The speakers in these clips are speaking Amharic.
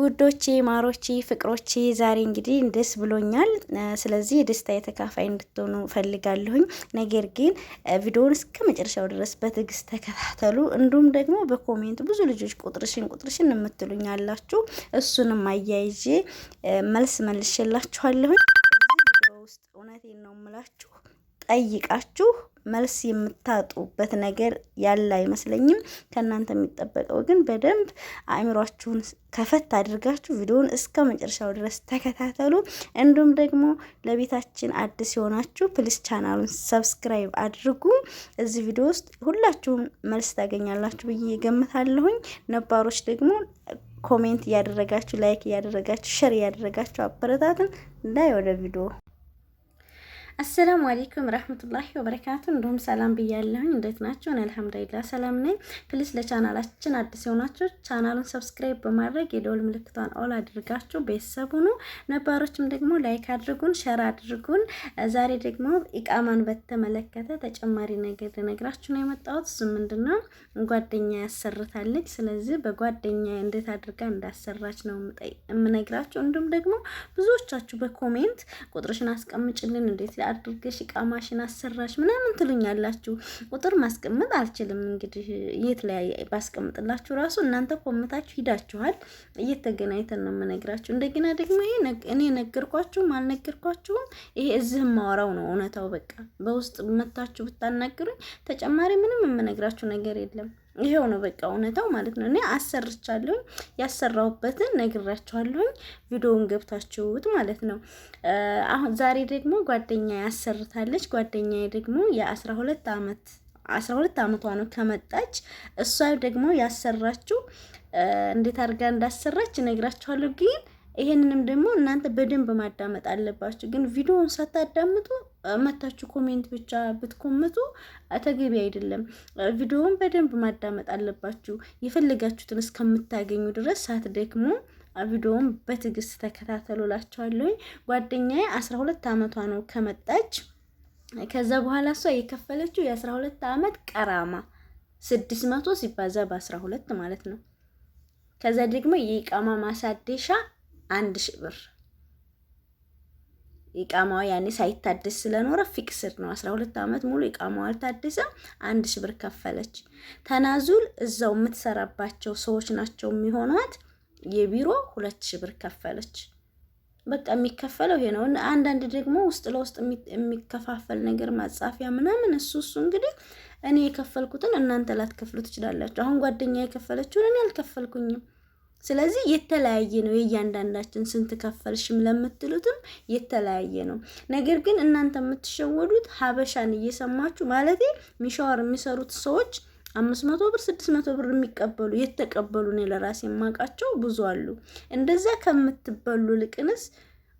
ውዶቼ ማሮቼ ፍቅሮቼ ዛሬ እንግዲህ ደስ ብሎኛል። ስለዚህ የደስታ የተካፋይ እንድትሆኑ ፈልጋለሁኝ። ነገር ግን ቪዲዮውን እስከ መጨረሻው ድረስ በትዕግስት ተከታተሉ። እንዲሁም ደግሞ በኮሜንት ብዙ ልጆች ቁጥርሽን ቁጥርሽን የምትሉኝ አላችሁ። እሱንም አያይዤ መልስ መልሼላችኋለሁኝ። ውስጥ እውነቴን ነው የምላችሁ ጠይቃችሁ መልስ የምታጡበት ነገር ያለ አይመስለኝም። ከእናንተ የሚጠበቀው ግን በደንብ አእምሯችሁን ከፈት አድርጋችሁ ቪዲዮውን እስከ መጨረሻው ድረስ ተከታተሉ። እንዲሁም ደግሞ ለቤታችን አዲስ የሆናችሁ ፕሊስ ቻናሉን ሰብስክራይብ አድርጉ። እዚህ ቪዲዮ ውስጥ ሁላችሁም መልስ ታገኛላችሁ ብዬ እገምታለሁኝ። ነባሮች ደግሞ ኮሜንት እያደረጋችሁ ላይክ እያደረጋችሁ ሸር እያደረጋችሁ አበረታትን ላይ ወደ ቪዲዮ አሰላሙ አሌይኩም ረህመቱላሂ ወበረካቱ። እንዲሁም ሰላም ብያለሁኝ። እንዴት ናችሁን? አልሐምዱሊላህ ሰላም ነኝ። ፕሊስ ለቻናላችን አዲስ የሆናችሁ ቻናሉን ሰብስክራይብ በማድረግ የደወል ምልክቷን ኦል አድርጋችሁ ቤተሰብ ሁኑ። ነባሮችም ደግሞ ላይክ አድርጉን፣ ሸር አድርጉን። ዛሬ ደግሞ ኢቃማን በተመለከተ ተጨማሪ ነገር ልነግራችሁ ነው የመጣሁት። እሱ ምንድን ነው ጓደኛ ያሰርታለች። ስለዚህ በጓደኛ እንዴት አድርጋ እንዳሰራች ነው የምነግራችሁ። እንዲሁም ደግሞ ብዙዎቻችሁ በኮሜንት ቁጥርሽን አስቀምጭልን እንዴት አድርገሽ እቃ ማሽን አሰራሽ ምናምን ትሉኛላችሁ። ቁጥር ማስቀመጥ አልችልም። እንግዲህ የት ላይ ባስቀምጥላችሁ ራሱ እናንተ ኮምታችሁ ሂዳችኋል። እየተገናኝተን ነው የምነግራችሁ። እንደገና ደግሞ ይሄ እኔ ነገርኳችሁም አልነገርኳችሁም ይሄ እዚህ ማወራው ነው እውነታው። በቃ በውስጥ መታችሁ ብታናግሩኝ ተጨማሪ ምንም የምነግራችሁ ነገር የለም። ይሄው ነው በቃ እውነታው ማለት ነው። እኔ አሰርቻለሁኝ ያሰራሁበትን ነግራችኋለሁኝ። ቪዲዮውን ገብታችሁት ማለት ነው። አሁን ዛሬ ደግሞ ጓደኛ ያሰርታለች። ጓደኛዬ ደግሞ የአስራ ሁለት አመት አስራ ሁለት አመቷ ነው ከመጣች። እሷ ደግሞ ያሰራችው እንዴት አድርጋ እንዳሰራች ነግራችኋለሁ ግን ይሄንንም ደግሞ እናንተ በደንብ ማዳመጥ አለባችሁ። ግን ቪዲዮውን ሳታዳምጡ መታችሁ ኮሜንት ብቻ ብትኮምቱ ተገቢ አይደለም። ቪዲዮውን በደንብ ማዳመጥ አለባችሁ። የፈለጋችሁትን እስከምታገኙ ድረስ ሳትደክሙ ቪዲዮውን በትዕግስት ተከታተሉ እላችኋለሁ። ጓደኛዬ አስራ ሁለት ዓመቷ ነው ከመጣች ከዛ በኋላ እሷ የከፈለችው የአስራ ሁለት ዓመት ቀራማ ስድስት መቶ ሲባዛ በአስራ ሁለት ማለት ነው። ከዛ ደግሞ የኢቃማ ማሳደሻ አንድ ሺህ ብር ኢቃማዋ ያኔ ሳይታደስ ስለኖረ ፊክስድ ነው። 12 ዓመት ሙሉ ኢቃማዋ አልታደሰም። አንድ ሺህ ብር ከፈለች። ተናዙል እዛው የምትሰራባቸው ሰዎች ናቸው የሚሆኗት። የቢሮ ሁለት ሺህ ብር ከፈለች። በቃ የሚከፈለው ይሄ ነው። አንዳንድ ደግሞ ውስጥ ለውስጥ የሚከፋፈል ነገር ማጻፊያ ምናምን፣ እሱ እሱ እንግዲህ እኔ የከፈልኩትን እናንተ ላትከፍሉ ትችላላችሁ። አሁን ጓደኛ የከፈለችውን እኔ አልከፈልኩኝም። ስለዚህ የተለያየ ነው። የእያንዳንዳችን ስንት ከፈልሽም ለምትሉትም የተለያየ ነው። ነገር ግን እናንተ የምትሸወዱት ሀበሻን እየሰማችሁ ማለት ሚሻወር የሚሰሩት ሰዎች አምስት መቶ ብር ስድስት መቶ ብር የሚቀበሉ የተቀበሉ ነው። ለራሴ የማውቃቸው ብዙ አሉ። እንደዛ ከምትበሉ ልቅንስ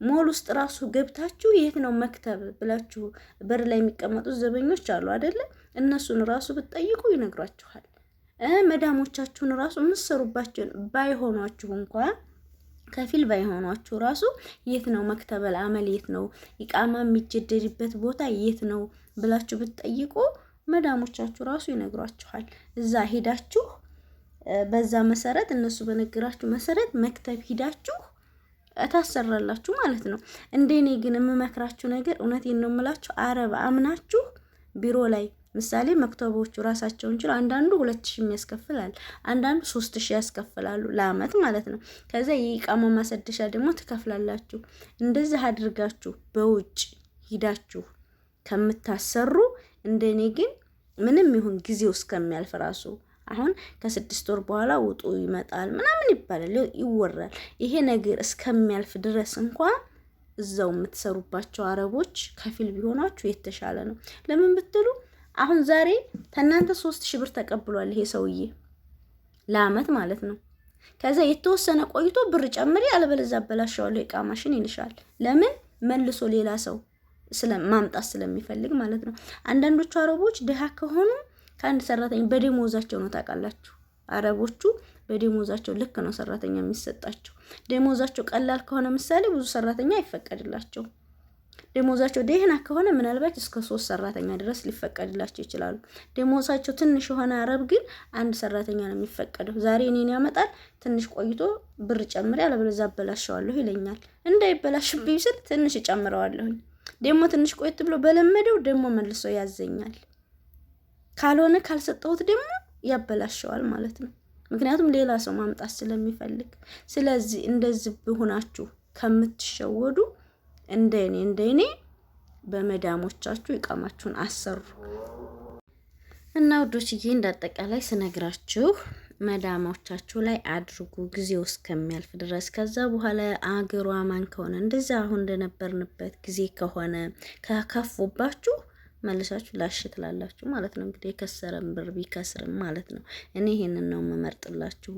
ሞል ውስጥ ራሱ ገብታችሁ የት ነው መክተብ ብላችሁ በር ላይ የሚቀመጡት ዘበኞች አሉ አይደለ? እነሱን ራሱ ብትጠይቁ ይነግሯችኋል። መዳሞቻችሁን ራሱ የምትሰሩባቸውን ባይሆኗችሁ እንኳ ከፊል ባይሆኗችሁ ራሱ የት ነው መክተበል አመል የት ነው ቃማ የሚጀደድበት ቦታ የት ነው ብላችሁ ብትጠይቁ መዳሞቻችሁ ራሱ ይነግሯችኋል። እዛ ሄዳችሁ በዛ መሰረት እነሱ በነገራችሁ መሰረት መክተብ ሂዳችሁ ታሰራላችሁ ማለት ነው። እንደኔ ግን የምመክራችሁ ነገር እውነቴን ነው የምላችሁ፣ አረብ አምናችሁ ቢሮ ላይ ምሳሌ መክተቦቹ ራሳቸውን ችሎ አንዳንዱ ሁለት ሺ የሚያስከፍላል፣ አንዳንዱ ሶስት ያስከፍላሉ ለአመት ማለት ነው። ከዛ የኢቃማ ማሰደሻ ደግሞ ትከፍላላችሁ። እንደዚህ አድርጋችሁ በውጭ ሂዳችሁ ከምታሰሩ እንደኔ ግን ምንም ይሁን ጊዜው እስከሚያልፍ ራሱ አሁን ከስድስት ወር በኋላ ውጡ ይመጣል ምናምን ይባላል ይወራል። ይሄ ነገር እስከሚያልፍ ድረስ እንኳን እዛው የምትሰሩባቸው አረቦች ከፊል ቢሆናችሁ የተሻለ ነው። ለምን ብትሉ አሁን ዛሬ ከእናንተ ሶስት ሺህ ብር ተቀብሏል ይሄ ሰውዬ ለአመት ማለት ነው። ከዛ የተወሰነ ቆይቶ ብር ጨምሪ አለበለዚያ አበላሻዋለሁ የቃማሽን ይልሻል። ለምን መልሶ ሌላ ሰው ማምጣት ስለሚፈልግ ማለት ነው። አንዳንዶቹ አረቦች ድሃ ከሆኑ ከአንድ ሰራተኛ በደሞዛቸው ነው ታውቃላችሁ። አረቦቹ በደሞዛቸው ልክ ነው ሰራተኛ የሚሰጣቸው። ደሞዛቸው ቀላል ከሆነ ምሳሌ ብዙ ሰራተኛ ይፈቀድላቸው? ደሞዛቸው ደህና ከሆነ ምናልባት እስከ ሶስት ሰራተኛ ድረስ ሊፈቀድላቸው ይችላሉ። ደሞዛቸው ትንሽ የሆነ አረብ ግን አንድ ሰራተኛ ነው የሚፈቀደው። ዛሬ እኔን ያመጣል፣ ትንሽ ቆይቶ ብር ጨምሬ አለበለዚያ አበላሸዋለሁ ይለኛል። እንዳይበላሽብኝ ስል ትንሽ እጨምረዋለሁኝ። ደግሞ ትንሽ ቆይት ብሎ በለመደው ደግሞ መልሶ ያዘኛል። ካልሆነ ካልሰጠሁት ደግሞ ያበላሸዋል ማለት ነው። ምክንያቱም ሌላ ሰው ማምጣት ስለሚፈልግ። ስለዚህ እንደዚህ ብሆናችሁ ከምትሸወዱ እንደኔ እንደኔ በመዳሞቻችሁ እቃማችሁን አሰሩ እና ውዶችዬ፣ እንዳጠቃላይ ስነግራችሁ መዳሞቻችሁ ላይ አድርጉ ጊዜው እስከሚያልፍ ድረስ። ከዛ በኋላ አገሯ ማን ከሆነ እንደዚያ አሁን እንደነበርንበት ጊዜ ከሆነ ከከፉባችሁ መልሳችሁ ላሽ ትላላችሁ ማለት ነው። እንግዲህ የከሰረን ብር ቢከስርም ማለት ነው። እኔ ይሄንን ነው የምመርጥላችሁ።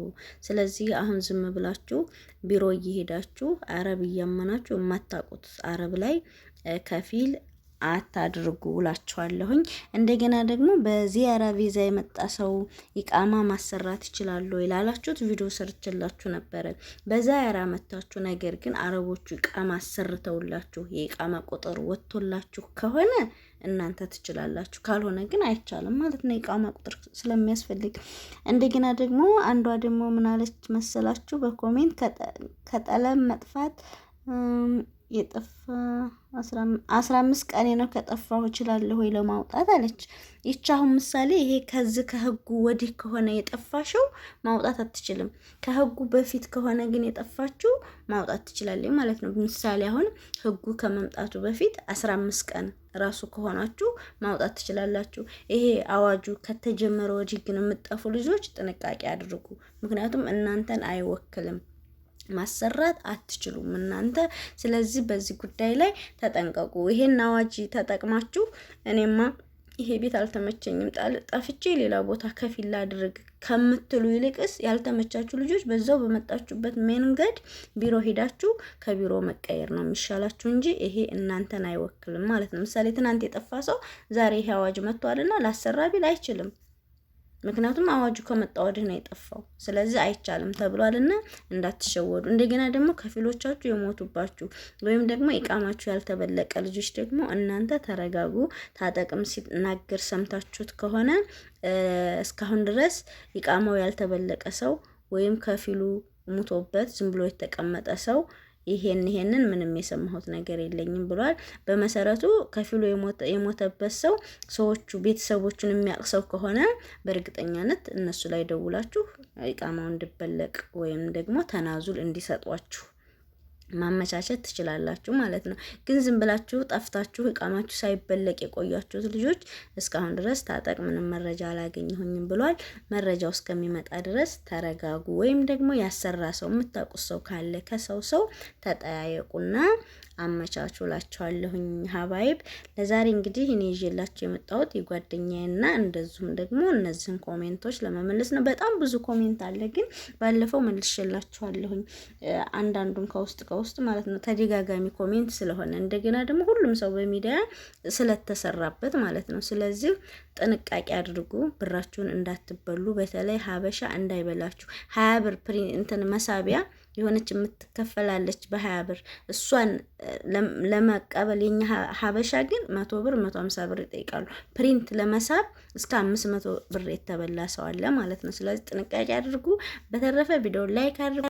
ስለዚህ አሁን ዝም ብላችሁ ቢሮ እየሄዳችሁ አረብ እያመናችሁ የማታውቁት አረብ ላይ ከፊል አታድርጉ እላችኋለሁኝ። እንደገና ደግሞ በዚያራ ቪዛ የመጣ ሰው ይቃማ ማሰራት ይችላሉ ይላላችሁት ቪዲዮ ሰርችላችሁ ነበረ። በዚያራ መታችሁ፣ ነገር ግን አረቦቹ ይቃማ አሰርተውላችሁ የኢቃማ ቁጥር ወጥቶላችሁ ከሆነ እናንተ ትችላላችሁ፣ ካልሆነ ግን አይቻልም ማለት ነው። የቃማ ቁጥር ስለሚያስፈልግ እንደገና ደግሞ አንዷ ደግሞ ምናለች መሰላችሁ በኮሜንት ከጠለም መጥፋት የጠፋ አስራ አምስት ቀኔ ነው ከጠፋሁ እችላለሁ ወይ ለማውጣት አለች። ይቺ አሁን ምሳሌ ይሄ ከዚህ ከህጉ ወዲህ ከሆነ የጠፋሽው ማውጣት አትችልም። ከህጉ በፊት ከሆነ ግን የጠፋችው ማውጣት ትችላለች ማለት ነው። ምሳሌ አሁን ህጉ ከመምጣቱ በፊት አስራ አምስት ቀን ራሱ ከሆናችሁ ማውጣት ትችላላችሁ። ይሄ አዋጁ ከተጀመረ ወዲህ ግን የምጠፉ ልጆች ጥንቃቄ አድርጉ፣ ምክንያቱም እናንተን አይወክልም። ማሰራት አትችሉም እናንተ። ስለዚህ በዚህ ጉዳይ ላይ ተጠንቀቁ። ይሄን አዋጅ ተጠቅማችሁ እኔማ ይሄ ቤት አልተመቸኝም ጠፍቼ ሌላ ቦታ ከፊል ላድርግ ከምትሉ ይልቅስ ያልተመቻችሁ ልጆች በዛው በመጣችሁበት መንገድ ቢሮ ሄዳችሁ ከቢሮ መቀየር ነው የሚሻላችሁ እንጂ ይሄ እናንተን አይወክልም ማለት ነው። ምሳሌ ትናንት የጠፋ ሰው ዛሬ ይሄ አዋጅ መጥቷልና ላሰራ አይችልም። ምክንያቱም አዋጁ ከመጣ ወዲህ ነው የጠፋው። ስለዚህ አይቻልም ተብሏልና እንዳትሸወዱ። እንደገና ደግሞ ከፊሎቻችሁ የሞቱባችሁ ወይም ደግሞ ኢቃማችሁ ያልተበለቀ ልጆች ደግሞ እናንተ ተረጋጉ። ታጠቅም ሲናገር ሰምታችሁት ከሆነ እስካሁን ድረስ ኢቃማው ያልተበለቀ ሰው ወይም ከፊሉ ሙቶበት ዝም ብሎ የተቀመጠ ሰው ይሄን ይሄንን ምንም የሰማሁት ነገር የለኝም ብሏል። በመሰረቱ ከፊሉ የሞተበት ሰው ሰዎቹ ቤተሰቦቹን የሚያውቅ ሰው ከሆነ በእርግጠኛነት እነሱ ላይ ደውላችሁ ኢቃማው እንዲበለቅ ወይም ደግሞ ተናዙል እንዲሰጧችሁ ማመቻቸት ትችላላችሁ ማለት ነው። ግን ዝም ብላችሁ ጠፍታችሁ እቃማችሁ ሳይበለቅ የቆያችሁት ልጆች እስካሁን ድረስ ታጠቅ ምንም መረጃ አላገኘሁኝም ብሏል። መረጃው እስከሚመጣ ድረስ ተረጋጉ። ወይም ደግሞ ያሰራ ሰው የምታውቁት ሰው ካለ ከሰው ሰው ተጠያየቁና አመቻቹላችኋለሁኝ ሀባይብ። ለዛሬ እንግዲህ እኔ ይዤላችሁ የመጣሁት የጓደኛዬና እንደዚሁም ደግሞ እነዚህን ኮሜንቶች ለመመለስ ነው። በጣም ብዙ ኮሜንት አለ፣ ግን ባለፈው መልሼላችኋለሁኝ። አንዳንዱን ከውስጥ ከውስጥ ማለት ነው ተደጋጋሚ ኮሜንት ስለሆነ እንደገና ደግሞ ሁሉም ሰው በሚዲያ ስለተሰራበት ማለት ነው። ስለዚህ ጥንቃቄ አድርጉ፣ ብራችሁን እንዳትበሉ። በተለይ ሀበሻ እንዳይበላችሁ ሀያ ብር እንትን መሳቢያ የሆነች የምትከፈላለች በሀያ ብር እሷን ለመቀበል የኛ ሀበሻ ግን መቶ ብር መቶ ሀምሳ ብር ይጠይቃሉ። ፕሪንት ለመሳብ እስከ አምስት መቶ ብር የተበላ ሰው አለ ማለት ነው። ስለዚህ ጥንቃቄ አድርጉ። በተረፈ ቪዲዮ ላይክ አድርጉ።